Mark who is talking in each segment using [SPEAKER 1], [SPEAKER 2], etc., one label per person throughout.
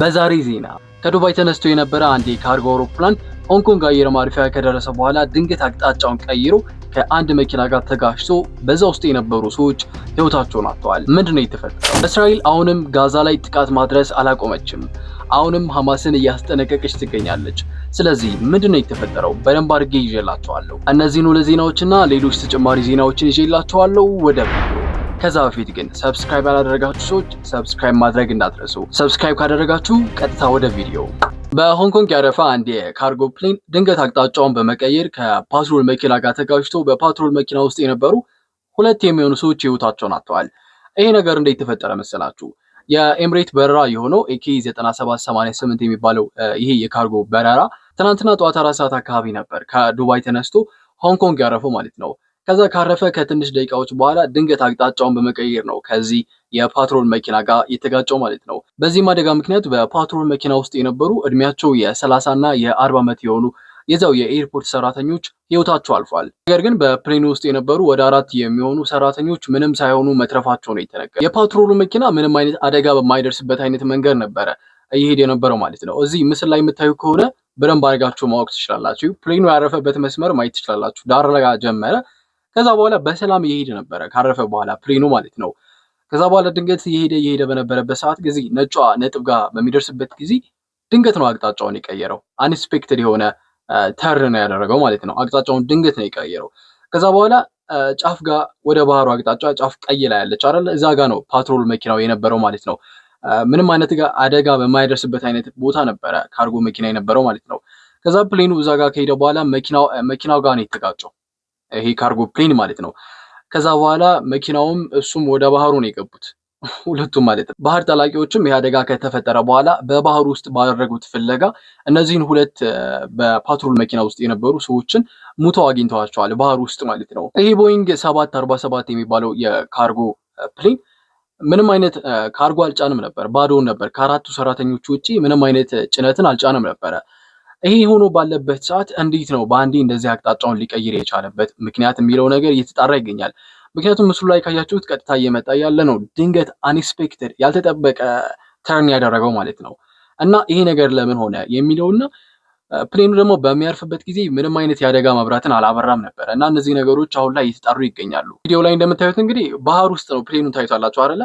[SPEAKER 1] በዛሬ ዜና ከዱባይ ተነስቶ የነበረ አንድ የካርጎ አውሮፕላን ሆንኮንግ አየር ማረፊያ ከደረሰ በኋላ ድንገት አቅጣጫውን ቀይሮ ከአንድ መኪና ጋር ተጋጭቶ በዛ ውስጥ የነበሩ ሰዎች ህይወታቸውን አጥተዋል። ምንድን ነው የተፈጠረው? እስራኤል አሁንም ጋዛ ላይ ጥቃት ማድረስ አላቆመችም። አሁንም ሐማስን እያስጠነቀቀች ትገኛለች። ስለዚህ ምንድን ነው የተፈጠረው? በደንብ አድርጌ ይዤላችኋለሁ። እነዚህን ሁለት ዜናዎችና ሌሎች ተጨማሪ ዜናዎችን ይዤላችኋለሁ። ወደ ከዛ በፊት ግን ሰብስክራይብ ያላደረጋችሁ ሰዎች ሰብስክራይብ ማድረግ እንዳትረሱ። ሰብስክራይብ ካደረጋችሁ ቀጥታ ወደ ቪዲዮ በሆንግ ኮንግ ያረፈ አንድ የካርጎ ፕሌን ድንገት አቅጣጫውን በመቀየር ከፓትሮል መኪና ጋር ተጋጭቶ በፓትሮል መኪና ውስጥ የነበሩ ሁለት የሚሆኑ ሰዎች ህይወታቸውን አጥተዋል። ይሄ ነገር እንዴት ተፈጠረ መሰላችሁ? የኤምሬት በረራ የሆነው ኤኬ 9788 የሚባለው ይሄ የካርጎ በረራ ትናንትና ጠዋት አራት ሰዓት አካባቢ ነበር ከዱባይ ተነስቶ ሆንግ ኮንግ ያረፈው ማለት ነው። ከዛ ካረፈ ከትንሽ ደቂቃዎች በኋላ ድንገት አቅጣጫውን በመቀየር ነው ከዚህ የፓትሮል መኪና ጋር የተጋጨው ማለት ነው። በዚህም አደጋ ምክንያት በፓትሮል መኪና ውስጥ የነበሩ እድሜያቸው የ30 እና የ40 ዓመት የሆኑ የዛው የኤርፖርት ሰራተኞች ህይወታቸው አልፏል። ነገር ግን በፕሌኑ ውስጥ የነበሩ ወደ አራት የሚሆኑ ሰራተኞች ምንም ሳይሆኑ መትረፋቸው ነው የተነገረ። የፓትሮሉ መኪና ምንም አይነት አደጋ በማይደርስበት አይነት መንገድ ነበረ እየሄድ የነበረው ማለት ነው። እዚህ ምስል ላይ የምታዩ ከሆነ በደንብ አድርጋችሁ ማወቅ ትችላላችሁ። ፕሌኑ ያረፈበት መስመር ማየት ትችላላችሁ። ዳር ጀመረ ከዛ በኋላ በሰላም እየሄደ ነበረ ካረፈ በኋላ ፕሌኑ ማለት ነው። ከዛ በኋላ ድንገት እየሄደ እየሄደ በነበረበት ሰዓት ጊዜ ነጯ ነጥብ ጋር በሚደርስበት ጊዜ ድንገት ነው አቅጣጫውን የቀየረው። አንስፔክትድ የሆነ ተር ነው ያደረገው ማለት ነው። አቅጣጫውን ድንገት ነው የቀየረው። ከዛ በኋላ ጫፍ ጋር ወደ ባህሩ አቅጣጫ ጫፍ ቀይ ላይ ያለች አይደል? እዛ ጋ ነው ፓትሮል መኪናው የነበረው ማለት ነው። ምንም አይነት ጋር አደጋ በማይደርስበት አይነት ቦታ ነበረ ካርጎ መኪና የነበረው ማለት ነው። ከዛ ፕሌኑ እዛ ጋር ከሄደ በኋላ መኪናው ጋር ነው የተጋጨው። ይሄ ካርጎ ፕሌን ማለት ነው። ከዛ በኋላ መኪናውም እሱም ወደ ባህሩ ነው የገቡት ሁለቱም ማለት ነው። ባህር ጠላቂዎችም ይህ አደጋ ከተፈጠረ በኋላ በባህር ውስጥ ባደረጉት ፍለጋ እነዚህን ሁለት በፓትሮል መኪና ውስጥ የነበሩ ሰዎችን ሙተው አግኝተዋቸዋል፣ ባህር ውስጥ ማለት ነው። ይሄ ቦይንግ ሰባት አርባ ሰባት የሚባለው የካርጎ ፕሌን ምንም አይነት ካርጎ አልጫንም ነበር፣ ባዶውን ነበር። ከአራቱ ሰራተኞች ውጭ ምንም አይነት ጭነትን አልጫንም ነበረ። ይሄ ሆኖ ባለበት ሰዓት እንዴት ነው በአንዴ እንደዚህ አቅጣጫውን ሊቀይር የቻለበት ምክንያት የሚለው ነገር እየተጣራ ይገኛል። ምክንያቱም ምስሉ ላይ ካያችሁት ቀጥታ እየመጣ ያለ ነው። ድንገት አንኤክስፔክትድ ያልተጠበቀ ተርን ያደረገው ማለት ነው እና ይሄ ነገር ለምን ሆነ የሚለውና ፕሌኑ ደግሞ በሚያርፍበት ጊዜ ምንም አይነት የአደጋ መብራትን አላበራም ነበር እና እነዚህ ነገሮች አሁን ላይ እየተጣሩ ይገኛሉ። ቪዲዮ ላይ እንደምታዩት እንግዲህ ባህር ውስጥ ነው ፕሌኑን ታይቷላችሁ አይደለ?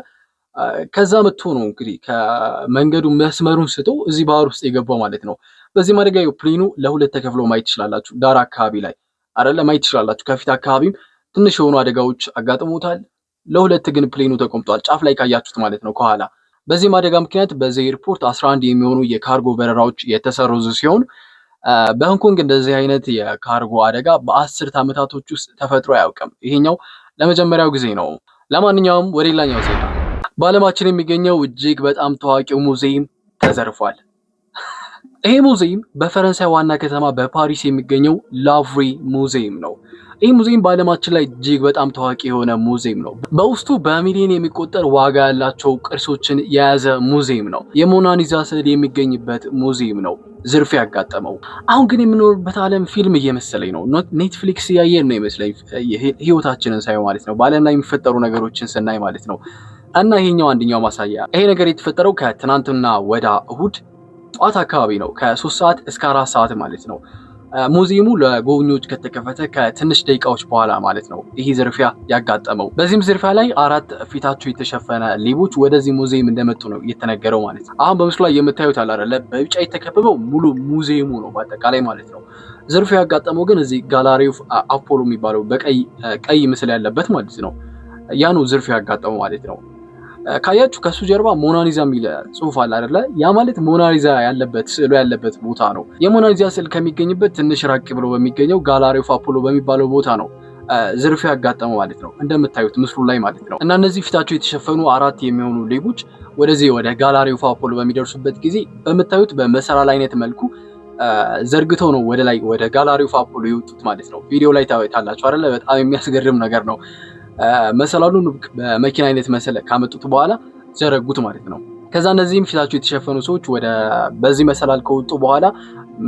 [SPEAKER 1] ከዛ መጥቶ ነው እንግዲህ ከመንገዱ መስመሩን ስቶ እዚህ ባህር ውስጥ የገባው ማለት ነው። በዚህ ማደጋ ፕሌኑ ለሁለት ተከፍሎ ማየት ትችላላችሁ። ዳር አካባቢ ላይ አይደለ ማየት ትችላላችሁ። ከፊት አካባቢም ትንሽ የሆኑ አደጋዎች አጋጥሞታል። ለሁለት ግን ፕሌኑ ተቆምጧል፣ ጫፍ ላይ ካያችሁት ማለት ነው ከኋላ። በዚህም አደጋ ምክንያት በዚህ ኤርፖርት 11 የሚሆኑ የካርጎ በረራዎች የተሰረዙ ሲሆን በሆንኮንግ እንደዚህ አይነት የካርጎ አደጋ በአስርት ዓመታቶች ውስጥ ተፈጥሮ አያውቅም። ይሄኛው ለመጀመሪያው ጊዜ ነው። ለማንኛውም ወደ ሌላኛው ዜና፣ በዓለማችን የሚገኘው እጅግ በጣም ታዋቂው ሙዚየም ተዘርፏል። ይሄ ሙዚየም በፈረንሳይ ዋና ከተማ በፓሪስ የሚገኘው ላቭሪ ሙዚየም ነው። ይህ ሙዚየም በዓለማችን ላይ እጅግ በጣም ታዋቂ የሆነ ሙዚየም ነው። በውስጡ በሚሊዮን የሚቆጠር ዋጋ ያላቸው ቅርሶችን የያዘ ሙዚየም ነው። የሞናሊዛ ስዕል የሚገኝበት ሙዚየም ነው። ዝርፍ ያጋጠመው አሁን ግን የምኖርበት ዓለም ፊልም እየመሰለኝ ነው። ኔትፍሊክስ እያየን ነው ይመስለኝ ህይወታችንን ሳይ ማለት ነው። በዓለም ላይ የሚፈጠሩ ነገሮችን ስናይ ማለት ነው። እና ይሄኛው አንደኛው ማሳያ ይሄ ነገር የተፈጠረው ከትናንትና ወዳ እሁድ ጠዋት አካባቢ ነው ከሶስት ሰዓት እስከ አራት ሰዓት ማለት ነው። ሙዚየሙ ለጎብኚዎች ከተከፈተ ከትንሽ ደቂቃዎች በኋላ ማለት ነው ይህ ዝርፊያ ያጋጠመው። በዚህም ዝርፊያ ላይ አራት ፊታቸው የተሸፈነ ሌቦች ወደዚህ ሙዚየም እንደመጡ ነው የተነገረው ማለት ነው። አሁን በምስሉ ላይ የምታዩት አላለ በቢጫ የተከበበው ሙሉ ሙዚየሙ ነው በአጠቃላይ ማለት ነው። ዝርፊያ ያጋጠመው ግን እዚህ ጋላሪ ኦፍ አፖሎ የሚባለው በቀይ ቀይ ምስል ያለበት ማለት ነው። ያ ነው ዝርፊያ ያጋጠመው ማለት ነው። ካያችሁ ከሱ ጀርባ ሞናሊዛ የሚል ጽሁፍ አለ አይደለ? ያ ማለት ሞናሊዛ ያለበት ስዕሉ ያለበት ቦታ ነው። የሞናሊዛ ስዕል ከሚገኝበት ትንሽ ራቅ ብሎ በሚገኘው ጋላሪ ኦፍ አፖሎ በሚባለው ቦታ ነው ዝርፊያ ያጋጠመው ማለት ነው። እንደምታዩት ምስሉ ላይ ማለት ነው። እና እነዚህ ፊታቸው የተሸፈኑ አራት የሚሆኑ ሌቦች ወደዚህ ወደ ጋላሪ ኦፍ አፖሎ በሚደርሱበት ጊዜ በምታዩት በመሰላል አይነት መልኩ ዘርግተው ነው ወደ ላይ ወደ ጋላሪ ኦፍ አፖሎ የወጡት ማለት ነው። ቪዲዮ ላይ ታዩታላችሁ አይደለ? በጣም የሚያስገርም ነገር ነው። መሰላሉን በመኪና አይነት መሰለ ካመጡት በኋላ ዘረጉት ማለት ነው። ከዛ እነዚህም ፊታቸው የተሸፈኑ ሰዎች ወደ በዚህ መሰላል ከወጡ በኋላ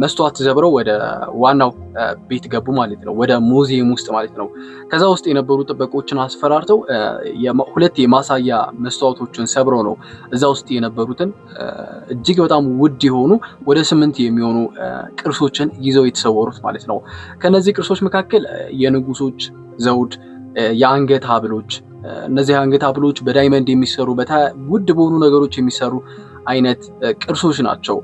[SPEAKER 1] መስተዋት ዘብረው ወደ ዋናው ቤት ገቡ ማለት ነው። ወደ ሙዚየም ውስጥ ማለት ነው። ከዛ ውስጥ የነበሩ ጥበቆችን አስፈራርተው ሁለት የማሳያ መስተዋቶችን ሰብረው ነው እዛ ውስጥ የነበሩትን እጅግ በጣም ውድ የሆኑ ወደ ስምንት የሚሆኑ ቅርሶችን ይዘው የተሰወሩት ማለት ነው። ከነዚህ ቅርሶች መካከል የንጉሶች ዘውድ የአንገት ሀብሎች እነዚህ የአንገት ሀብሎች በዳይመንድ የሚሰሩ ውድ በሆኑ ነገሮች የሚሰሩ አይነት ቅርሶች ናቸው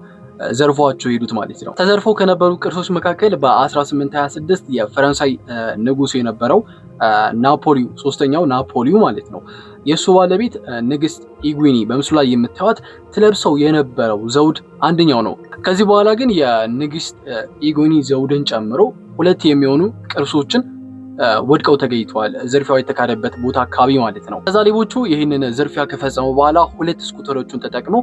[SPEAKER 1] ዘርፏቸው ሄዱት ማለት ነው። ተዘርፎ ከነበሩ ቅርሶች መካከል በ1826 የፈረንሳይ ንጉስ የነበረው ናፖሊዮ ሶስተኛው ናፖሊው ማለት ነው የእሱ ባለቤት ንግስት ኢጉኒ በምስሉ ላይ የምታዩት ትለብሰው የነበረው ዘውድ አንደኛው ነው። ከዚህ በኋላ ግን የንግስት ኢጉኒ ዘውድን ጨምሮ ሁለት የሚሆኑ ቅርሶችን ወድቀው ተገኝተዋል። ዝርፊያው የተካሄደበት ቦታ አካባቢ ማለት ነው። ከዛ ሌቦቹ ይህንን ዝርፊያ ከፈጸሙ በኋላ ሁለት ስኩተሮቹን ተጠቅሞ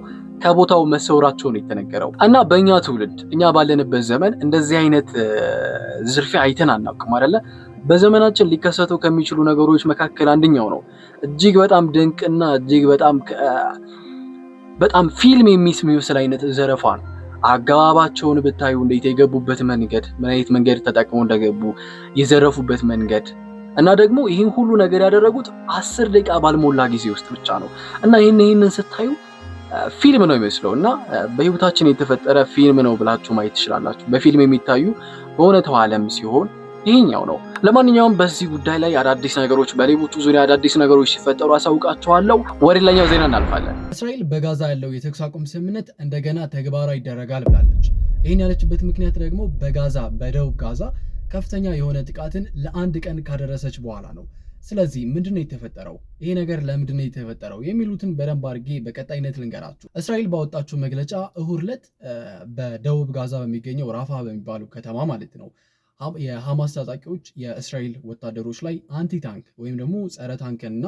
[SPEAKER 1] ከቦታው መሰወራቸውን የተነገረው እና በእኛ ትውልድ እኛ ባለንበት ዘመን እንደዚህ አይነት ዝርፊያ አይተን አናውቅም አይደለ? በዘመናችን ሊከሰቱ ከሚችሉ ነገሮች መካከል አንደኛው ነው። እጅግ በጣም ድንቅና እጅግ በጣም በጣም ፊልም የሚስብ የሚመስል አይነት ዘረፋ ነው። አገባባቸውን ብታዩ እንዴት የገቡበት መንገድ ምን አይነት መንገድ ተጠቅመው እንደገቡ የዘረፉበት መንገድ እና ደግሞ ይህን ሁሉ ነገር ያደረጉት አስር ደቂቃ ባልሞላ ጊዜ ውስጥ ብቻ ነው እና ይህን ይህንን ስታዩ ፊልም ነው የሚመስለው እና በህይወታችን የተፈጠረ ፊልም ነው ብላችሁ ማየት ትችላላችሁ። በፊልም የሚታዩ በእውነተው ዓለም ሲሆን ይህኛው ነው። ለማንኛውም በዚህ ጉዳይ ላይ አዳዲስ ነገሮች በሌቦቹ ዙሪያ አዳዲስ ነገሮች ሲፈጠሩ አሳውቃቸዋለሁ። ወደ ሌላኛው ዜና እናልፋለን።
[SPEAKER 2] እስራኤል በጋዛ ያለው የተኩስ አቁም ስምምነት እንደገና ተግባራዊ ይደረጋል ብላለች። ይህን ያለችበት ምክንያት ደግሞ በጋዛ በደቡብ ጋዛ ከፍተኛ የሆነ ጥቃትን ለአንድ ቀን ካደረሰች በኋላ ነው። ስለዚህ ምንድነው የተፈጠረው? ይሄ ነገር ለምንድነው የተፈጠረው የሚሉትን በደንብ አድርጌ በቀጣይነት ልንገራችሁ። እስራኤል ባወጣችው መግለጫ እሁድ ዕለት በደቡብ ጋዛ በሚገኘው ራፋ በሚባለው ከተማ ማለት ነው የሐማስ ታጣቂዎች የእስራኤል ወታደሮች ላይ አንቲ ታንክ ወይም ደግሞ ጸረ ታንክንና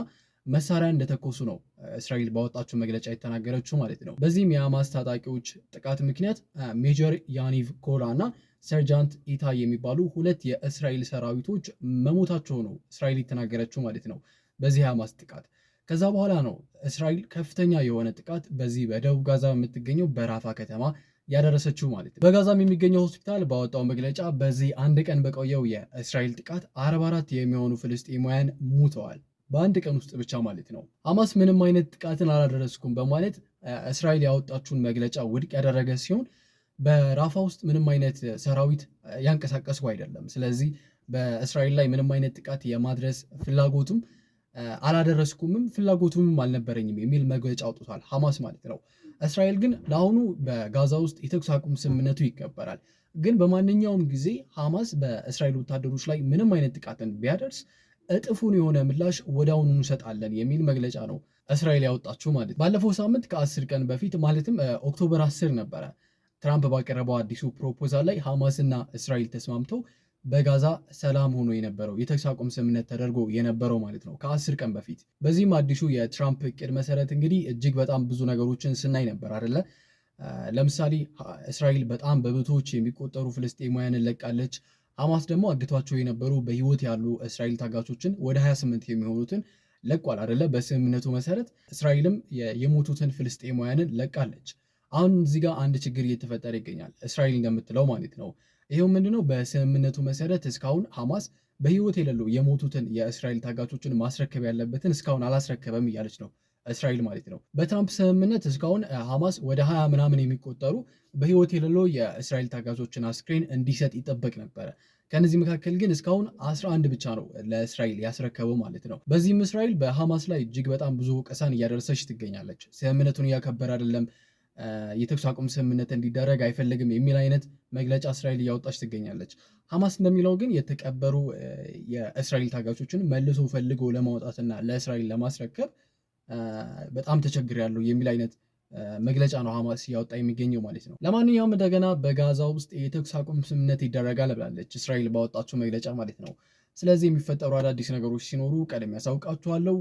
[SPEAKER 2] መሳሪያ እንደተኮሱ ነው እስራኤል ባወጣችው መግለጫ የተናገረችው ማለት ነው። በዚህም የሐማስ ታጣቂዎች ጥቃት ምክንያት ሜጀር ያኒቭ ኮላ እና ሰርጃንት ኢታይ የሚባሉ ሁለት የእስራኤል ሰራዊቶች መሞታቸው ነው እስራኤል የተናገረችው ማለት ነው። በዚህ የሐማስ ጥቃት ከዛ በኋላ ነው እስራኤል ከፍተኛ የሆነ ጥቃት በዚህ በደቡብ ጋዛ የምትገኘው በራፋ ከተማ ያደረሰችው ማለት ነው። በጋዛም የሚገኘው ሆስፒታል ባወጣው መግለጫ በዚህ አንድ ቀን በቆየው የእስራኤል ጥቃት 44 የሚሆኑ ፍልስጤማውያን ሙተዋል። በአንድ ቀን ውስጥ ብቻ ማለት ነው። ሐማስ ምንም አይነት ጥቃትን አላደረስኩም በማለት እስራኤል ያወጣችውን መግለጫ ውድቅ ያደረገ ሲሆን በራፋ ውስጥ ምንም አይነት ሰራዊት ያንቀሳቀሱ አይደለም። ስለዚህ በእስራኤል ላይ ምንም አይነት ጥቃት የማድረስ ፍላጎቱም አላደረስኩምም ፍላጎቱም አልነበረኝም የሚል መግለጫ አውጥቷል ሐማስ ማለት ነው። እስራኤል ግን ለአሁኑ በጋዛ ውስጥ የተኩስ አቁም ስምምነቱ ይከበራል፣ ግን በማንኛውም ጊዜ ሐማስ በእስራኤል ወታደሮች ላይ ምንም አይነት ጥቃትን ቢያደርስ እጥፉን የሆነ ምላሽ ወደ እንሰጣለን የሚል መግለጫ ነው እስራኤል ያወጣችው ማለት። ባለፈው ሳምንት ከአስር ቀን በፊት ማለትም ኦክቶበር አስር ነበረ ትራምፕ ባቀረበው አዲሱ ፕሮፖዛል ላይ ሐማስና እስራኤል ተስማምተው በጋዛ ሰላም ሆኖ የነበረው የተኩስ አቁም ስምምነት ተደርጎ የነበረው ማለት ነው ከአስር ቀን በፊት። በዚህም አዲሱ የትራምፕ እቅድ መሰረት እንግዲህ እጅግ በጣም ብዙ ነገሮችን ስናይ ነበር አደለ? ለምሳሌ እስራኤል በጣም በብቶች የሚቆጠሩ ፍልስጤማውያንን ለቃለች። ሐማስ ደግሞ አግቷቸው የነበሩ በህይወት ያሉ እስራኤል ታጋቾችን ወደ 28 የሚሆኑትን ለቋል አደለ? በስምምነቱ መሰረት እስራኤልም የሞቱትን ፍልስጤማውያንን ለቃለች። አሁን እዚህ ጋር አንድ ችግር እየተፈጠረ ይገኛል። እስራኤል እንደምትለው ማለት ነው። ይኸው ምንድነው በስምምነቱ መሰረት እስካሁን ሐማስ በህይወት የሌሉ የሞቱትን የእስራኤል ታጋቾችን ማስረከብ ያለበትን እስካሁን አላስረከበም እያለች ነው እስራኤል ማለት ነው። በትራምፕ ስምምነት እስካሁን ሐማስ ወደ ሀያ ምናምን የሚቆጠሩ በህይወት የሌሉ የእስራኤል ታጋቾችን አስክሬን እንዲሰጥ ይጠበቅ ነበረ። ከነዚህ መካከል ግን እስካሁን 11 ብቻ ነው ለእስራኤል ያስረከበው ማለት ነው። በዚህም እስራኤል በሐማስ ላይ እጅግ በጣም ብዙ ወቀሳን እያደረሰች ትገኛለች። ስምምነቱን እያከበረ አይደለም የተኩስ አቁም ስምምነት እንዲደረግ አይፈልግም የሚል አይነት መግለጫ እስራኤል እያወጣች ትገኛለች። ሐማስ እንደሚለው ግን የተቀበሩ የእስራኤል ታጋቾችን መልሶ ፈልጎ ለማውጣትና ለእስራኤል ለማስረከብ በጣም ተቸግሬያለሁ የሚል አይነት መግለጫ ነው ሐማስ እያወጣ የሚገኘው ማለት ነው። ለማንኛውም እንደገና በጋዛ ውስጥ የተኩስ አቁም ስምምነት ይደረጋል ብላለች እስራኤል ባወጣችው መግለጫ ማለት ነው። ስለዚህ የሚፈጠሩ አዳዲስ ነገሮች ሲኖሩ ቀደም ያሳውቃችኋለሁ።